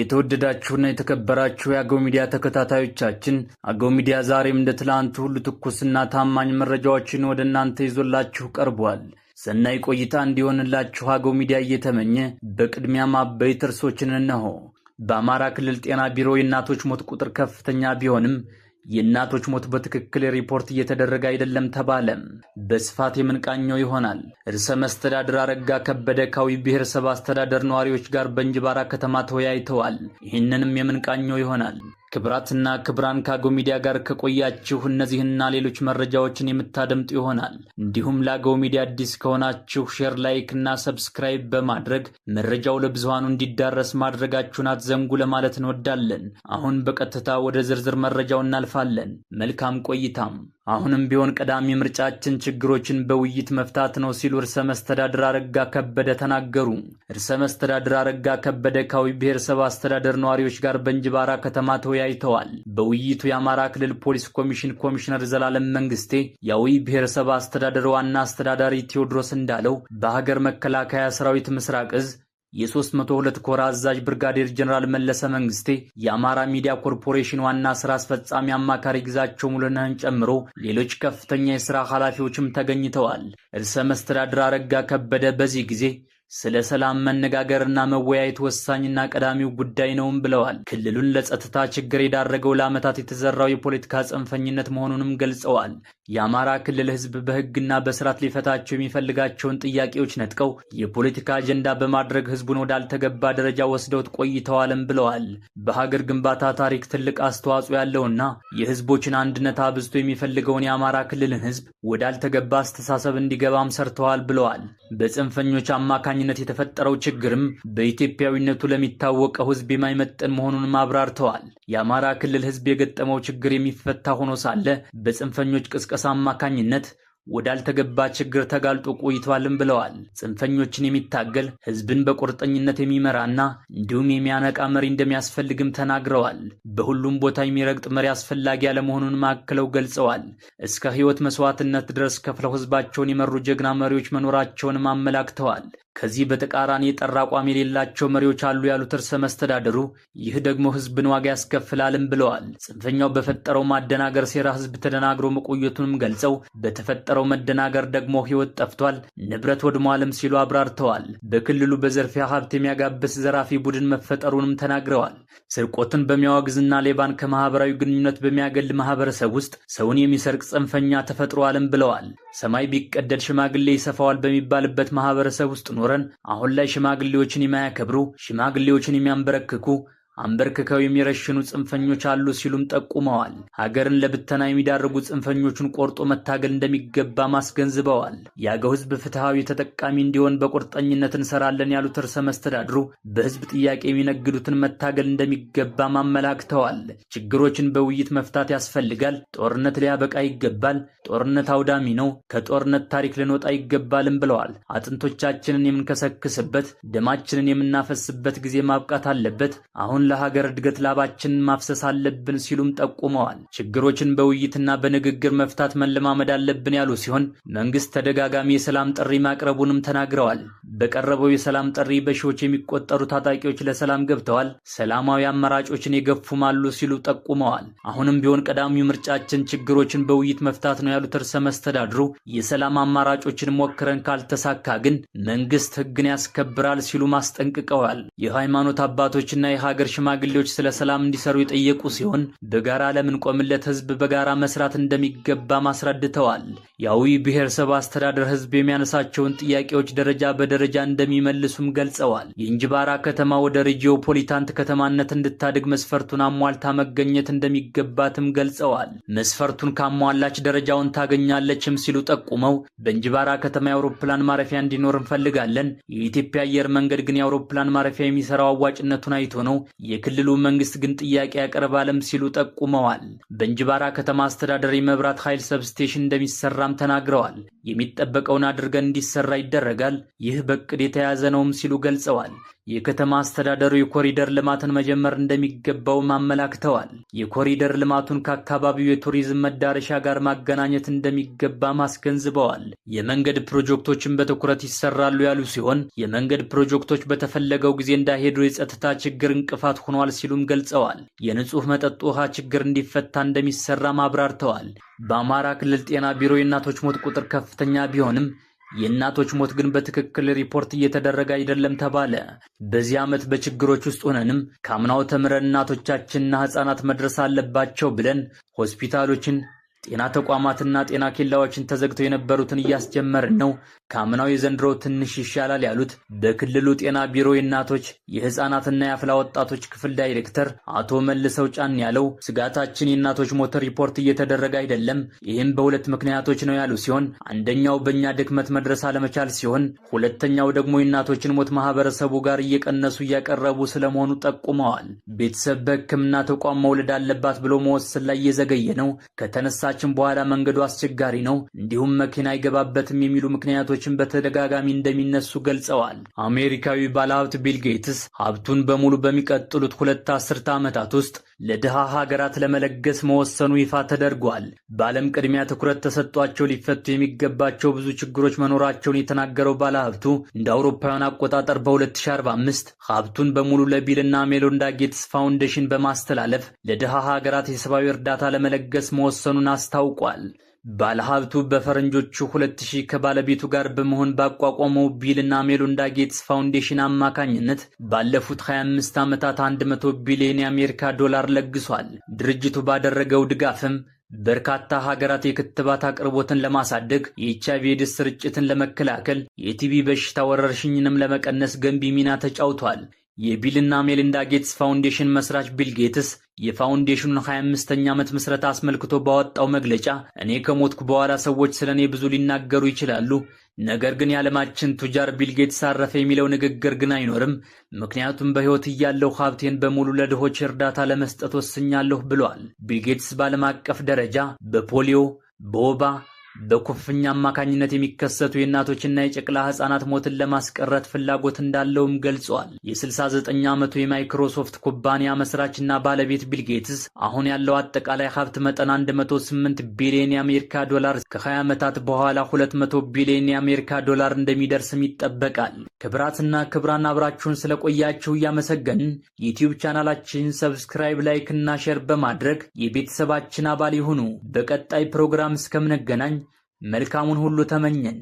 የተወደዳችሁና የተከበራችሁ የአገው ሚዲያ ተከታታዮቻችን አገው ሚዲያ ዛሬም እንደ ትላንቱ ሁሉ ትኩስና ታማኝ መረጃዎችን ወደ እናንተ ይዞላችሁ ቀርቧል። ሰናይ ቆይታ እንዲሆንላችሁ አገው ሚዲያ እየተመኘ በቅድሚያ አበይት ርዕሶችን እነሆ። በአማራ ክልል ጤና ቢሮ የእናቶች ሞት ቁጥር ከፍተኛ ቢሆንም የእናቶች ሞት በትክክል ሪፖርት እየተደረገ አይደለም ተባለ። በስፋት የምንቃኘው ይሆናል። ርዕሰ መስተዳድር አረጋ ከበደ ካዊ ብሔረሰብ አስተዳደር ነዋሪዎች ጋር በእንጅባራ ከተማ ተወያይተዋል። ይህንንም የምንቃኘው ይሆናል። ክብራትና ክብራን ከአገው ሚዲያ ጋር ከቆያችሁ እነዚህና ሌሎች መረጃዎችን የምታደምጡ ይሆናል። እንዲሁም ለአገው ሚዲያ አዲስ ከሆናችሁ ሼር፣ ላይክና ሰብስክራይብ በማድረግ መረጃው ለብዙሃኑ እንዲዳረስ ማድረጋችሁን አትዘንጉ ለማለት እንወዳለን። አሁን በቀጥታ ወደ ዝርዝር መረጃው እናልፋለን። መልካም ቆይታም አሁንም ቢሆን ቀዳሚ ምርጫችን ችግሮችን በውይይት መፍታት ነው ሲሉ እርሰ መስተዳድር አረጋ ከበደ ተናገሩ። እርሰ መስተዳድር አረጋ ከበደ ከአዊ ብሔረሰብ አስተዳደር ነዋሪዎች ጋር በእንጅባራ ከተማ ተወያይተዋል። በውይይቱ የአማራ ክልል ፖሊስ ኮሚሽን ኮሚሽነር ዘላለም መንግስቴ፣ የአዊ ብሔረሰብ አስተዳደር ዋና አስተዳዳሪ ቴዎድሮስ እንዳለው በሀገር መከላከያ ሰራዊት ምስራቅ እዝ የ302 ኮር አዛዥ ብርጋዴር ጀኔራል መለሰ መንግስቴ የአማራ ሚዲያ ኮርፖሬሽን ዋና ስራ አስፈጻሚ አማካሪ ግዛቸው ሙሉነህን ጨምሮ ሌሎች ከፍተኛ የስራ ኃላፊዎችም ተገኝተዋል። እርሰ መስተዳድር አረጋ ከበደ በዚህ ጊዜ ስለ ሰላም መነጋገርና መወያየት ወሳኝና ቀዳሚው ጉዳይ ነውም ብለዋል። ክልሉን ለጸጥታ ችግር የዳረገው ለዓመታት የተዘራው የፖለቲካ ጽንፈኝነት መሆኑንም ገልጸዋል። የአማራ ክልል ህዝብ በህግና በስርዓት ሊፈታቸው የሚፈልጋቸውን ጥያቄዎች ነጥቀው የፖለቲካ አጀንዳ በማድረግ ህዝቡን ወዳልተገባ ደረጃ ወስደውት ቆይተዋልም ብለዋል። በሀገር ግንባታ ታሪክ ትልቅ አስተዋጽኦ ያለውና የህዝቦችን አንድነት አብዝቶ የሚፈልገውን የአማራ ክልልን ህዝብ ወዳልተገባ አስተሳሰብ እንዲገባም ሰርተዋል ብለዋል። በጽንፈኞች አማካኝነት የተፈጠረው ችግርም በኢትዮጵያዊነቱ ለሚታወቀው ህዝብ የማይመጠን መሆኑንም አብራርተዋል። የአማራ ክልል ህዝብ የገጠመው ችግር የሚፈታ ሆኖ ሳለ በጽንፈኞች ቅስቀ ቅስቀሳ አማካኝነት ወዳልተገባ ችግር ተጋልጦ ቆይቷልም ብለዋል። ጽንፈኞችን የሚታገል ህዝብን በቁርጠኝነት የሚመራና እንዲሁም የሚያነቃ መሪ እንደሚያስፈልግም ተናግረዋል። በሁሉም ቦታ የሚረግጥ መሪ አስፈላጊ አለመሆኑን ማክለው ገልጸዋል። እስከ ህይወት መስዋዕትነት ድረስ ከፍለው ህዝባቸውን የመሩ ጀግና መሪዎች መኖራቸውንም አመላክተዋል። ከዚህ በተቃራኒ የጠራ አቋም የሌላቸው መሪዎች አሉ ያሉት እርሰ መስተዳደሩ ይህ ደግሞ ህዝብን ዋጋ ያስከፍላልም ብለዋል። ጽንፈኛው በፈጠረው ማደናገር ሴራ ህዝብ ተደናግሮ መቆየቱንም ገልጸው በተፈጠረው መደናገር ደግሞ ህይወት ጠፍቷል፣ ንብረት ወድሟልም ሲሉ አብራርተዋል። በክልሉ በዘርፊያ ሀብት የሚያጋብስ ዘራፊ ቡድን መፈጠሩንም ተናግረዋል። ስርቆትን በሚያወግዝና ሌባን ከማህበራዊ ግንኙነት በሚያገል ማህበረሰብ ውስጥ ሰውን የሚሰርቅ ጽንፈኛ ተፈጥሯልም ብለዋል። ሰማይ ቢቀደድ ሽማግሌ ይሰፋዋል በሚባልበት ማህበረሰብ ውስጥ ኖረን አሁን ላይ ሽማግሌዎችን የማያከብሩ ሽማግሌዎችን የሚያንበረክኩ አንበርክከው የሚረሽኑ ጽንፈኞች አሉ ሲሉም ጠቁመዋል። ሀገርን ለብተና የሚዳርጉ ጽንፈኞቹን ቆርጦ መታገል እንደሚገባም አስገንዝበዋል። የአገው ህዝብ ፍትሐዊ ተጠቃሚ እንዲሆን በቁርጠኝነት እንሰራለን ያሉት ርዕሰ መስተዳድሩ በህዝብ ጥያቄ የሚነግዱትን መታገል እንደሚገባም አመላክተዋል። ችግሮችን በውይይት መፍታት ያስፈልጋል። ጦርነት ሊያበቃ ይገባል። ጦርነት አውዳሚ ነው። ከጦርነት ታሪክ ልንወጣ ይገባልም ብለዋል። አጥንቶቻችንን የምንከሰክስበት፣ ደማችንን የምናፈስበት ጊዜ ማብቃት አለበት። አሁን አሁን ለሀገር እድገት ላባችን ማፍሰስ አለብን ሲሉም ጠቁመዋል። ችግሮችን በውይይትና በንግግር መፍታት መለማመድ አለብን ያሉ ሲሆን መንግስት ተደጋጋሚ የሰላም ጥሪ ማቅረቡንም ተናግረዋል። በቀረበው የሰላም ጥሪ በሺዎች የሚቆጠሩ ታጣቂዎች ለሰላም ገብተዋል፣ ሰላማዊ አማራጮችን የገፉማሉ ሲሉ ጠቁመዋል። አሁንም ቢሆን ቀዳሚው ምርጫችን ችግሮችን በውይይት መፍታት ነው ያሉት ርዕሰ መስተዳድሩ የሰላም አማራጮችን ሞክረን ካልተሳካ ግን መንግስት ህግን ያስከብራል ሲሉ ማስጠንቅቀዋል። የሃይማኖት አባቶችና የሀገር ሽማግሌዎች ስለ ሰላም እንዲሰሩ የጠየቁ ሲሆን በጋራ ለምንቆምለት ህዝብ በጋራ መስራት እንደሚገባ አስረድተዋል። የአዊ ብሔረሰብ አስተዳደር ህዝብ የሚያነሳቸውን ጥያቄዎች ደረጃ በደረጃ እንደሚመልሱም ገልጸዋል። የእንጅባራ ከተማ ወደ ሬጂዮፖሊታንት ከተማነት እንድታድግ መስፈርቱን አሟልታ መገኘት እንደሚገባትም ገልጸዋል። መስፈርቱን ካሟላች ደረጃውን ታገኛለችም ሲሉ ጠቁመው በእንጅባራ ከተማ የአውሮፕላን ማረፊያ እንዲኖር እንፈልጋለን። የኢትዮጵያ አየር መንገድ ግን የአውሮፕላን ማረፊያ የሚሰራው አዋጭነቱን አይቶ ነው የክልሉ መንግስት ግን ጥያቄ ያቀርባለም ሲሉ ጠቁመዋል። በእንጅባራ ከተማ አስተዳደር የመብራት ኃይል ሰብስቴሽን እንደሚሰራም ተናግረዋል። የሚጠበቀውን አድርገን እንዲሰራ ይደረጋል። ይህ በቅድ የተያዘ ነውም ሲሉ ገልጸዋል። የከተማ አስተዳደሩ የኮሪደር ልማትን መጀመር እንደሚገባውም አመላክተዋል። የኮሪደር ልማቱን ከአካባቢው የቱሪዝም መዳረሻ ጋር ማገናኘት እንደሚገባም አስገንዝበዋል። የመንገድ ፕሮጀክቶችን በትኩረት ይሰራሉ ያሉ ሲሆን የመንገድ ፕሮጀክቶች በተፈለገው ጊዜ እንዳይሄዱ የጸጥታ ችግር እንቅፋት ሆኗል ሲሉም ገልጸዋል። የንጹህ መጠጥ ውሃ ችግር እንዲፈታ እንደሚሰራም አብራርተዋል። በአማራ ክልል ጤና ቢሮ የእናቶች ሞት ቁጥር ከፍተኛ ቢሆንም የእናቶች ሞት ግን በትክክል ሪፖርት እየተደረገ አይደለም ተባለ። በዚህ ዓመት በችግሮች ውስጥ ሆነንም ከአምናው ተምረን እናቶቻችንና ሕፃናት መድረስ አለባቸው ብለን ሆስፒታሎችን ጤና ተቋማትና ጤና ኬላዎችን ተዘግተው የነበሩትን እያስጀመርን ነው። ከአምናው የዘንድሮ ትንሽ ይሻላል ያሉት በክልሉ ጤና ቢሮ የእናቶች የህፃናትና የአፍላ ወጣቶች ክፍል ዳይሬክተር አቶ መልሰው ጫን ያለው ስጋታችን የእናቶች ሞት ሪፖርት እየተደረገ አይደለም፣ ይህም በሁለት ምክንያቶች ነው ያሉ ሲሆን አንደኛው በእኛ ድክመት መድረስ አለመቻል ሲሆን፣ ሁለተኛው ደግሞ የእናቶችን ሞት ማህበረሰቡ ጋር እየቀነሱ እያቀረቡ ስለመሆኑ ጠቁመዋል። ቤተሰብ በህክምና ተቋም መውለድ አለባት ብሎ መወሰን ላይ እየዘገየ ነው ከተነሳ ከደረሳችን በኋላ መንገዱ አስቸጋሪ ነው፣ እንዲሁም መኪና አይገባበትም የሚሉ ምክንያቶችን በተደጋጋሚ እንደሚነሱ ገልጸዋል። አሜሪካዊ ባለሀብት ቢል ጌትስ ሀብቱን በሙሉ በሚቀጥሉት ሁለት አስርተ ዓመታት ውስጥ ለድሃ ሀገራት ለመለገስ መወሰኑ ይፋ ተደርጓል። በዓለም ቅድሚያ ትኩረት ተሰጥቷቸው ሊፈቱ የሚገባቸው ብዙ ችግሮች መኖራቸውን የተናገረው ባለሀብቱ እንደ አውሮፓውያን አቆጣጠር በ2045 ሀብቱን በሙሉ ለቢልና ሜሎንዳ ጌትስ ፋውንዴሽን በማስተላለፍ ለድሃ ሀገራት የሰብአዊ እርዳታ ለመለገስ መወሰኑን አስታውቋል። ባለሀብቱ በፈረንጆቹ 2000 ከባለቤቱ ጋር በመሆን ባቋቋመው ቢልና ሜሎንዳ ጌትስ ፋውንዴሽን አማካኝነት ባለፉት 25 ዓመታት 100 ቢሊዮን የአሜሪካ ዶላር ለግሷል። ድርጅቱ ባደረገው ድጋፍም በርካታ ሀገራት የክትባት አቅርቦትን ለማሳደግ፣ የኤች አይቪ ኤድስ ስርጭትን ለመከላከል፣ የቲቢ በሽታ ወረርሽኝንም ለመቀነስ ገንቢ ሚና ተጫውቷል። የቢልና ሜሊንዳ ጌትስ ፋውንዴሽን መስራች ቢል ጌትስ የፋውንዴሽኑን 25ኛ ዓመት ምስረታ አስመልክቶ ባወጣው መግለጫ እኔ ከሞትኩ በኋላ ሰዎች ስለ እኔ ብዙ ሊናገሩ ይችላሉ፣ ነገር ግን የዓለማችን ቱጃር ቢል ጌትስ አረፈ የሚለው ንግግር ግን አይኖርም፣ ምክንያቱም በሕይወት እያለሁ ሀብቴን በሙሉ ለድሆች እርዳታ ለመስጠት ወስኛለሁ ብለዋል። ቢል ጌትስ በዓለም አቀፍ ደረጃ በፖሊዮ በወባ በኩፍኛ አማካኝነት የሚከሰቱ የእናቶችና የጨቅላ ህጻናት ሞትን ለማስቀረት ፍላጎት እንዳለውም ገልጸዋል። የ69 ዓመቱ የማይክሮሶፍት ኩባንያ መስራችና ባለቤት ቢልጌትስ አሁን ያለው አጠቃላይ ሀብት መጠን 108 ቢሊዮን የአሜሪካ ዶላር ከ20 ዓመታት በኋላ 200 ቢሊዮን የአሜሪካ ዶላር እንደሚደርስም ይጠበቃል። ክብራትና ክብራን አብራችሁን ስለቆያችሁ እያመሰገን ዩትዩብ ቻናላችን ሰብስክራይብ፣ ላይክ እና ሼር በማድረግ የቤተሰባችን አባል ይሁኑ። በቀጣይ ፕሮግራም እስከምንገናኝ መልካሙን ሁሉ ተመኘን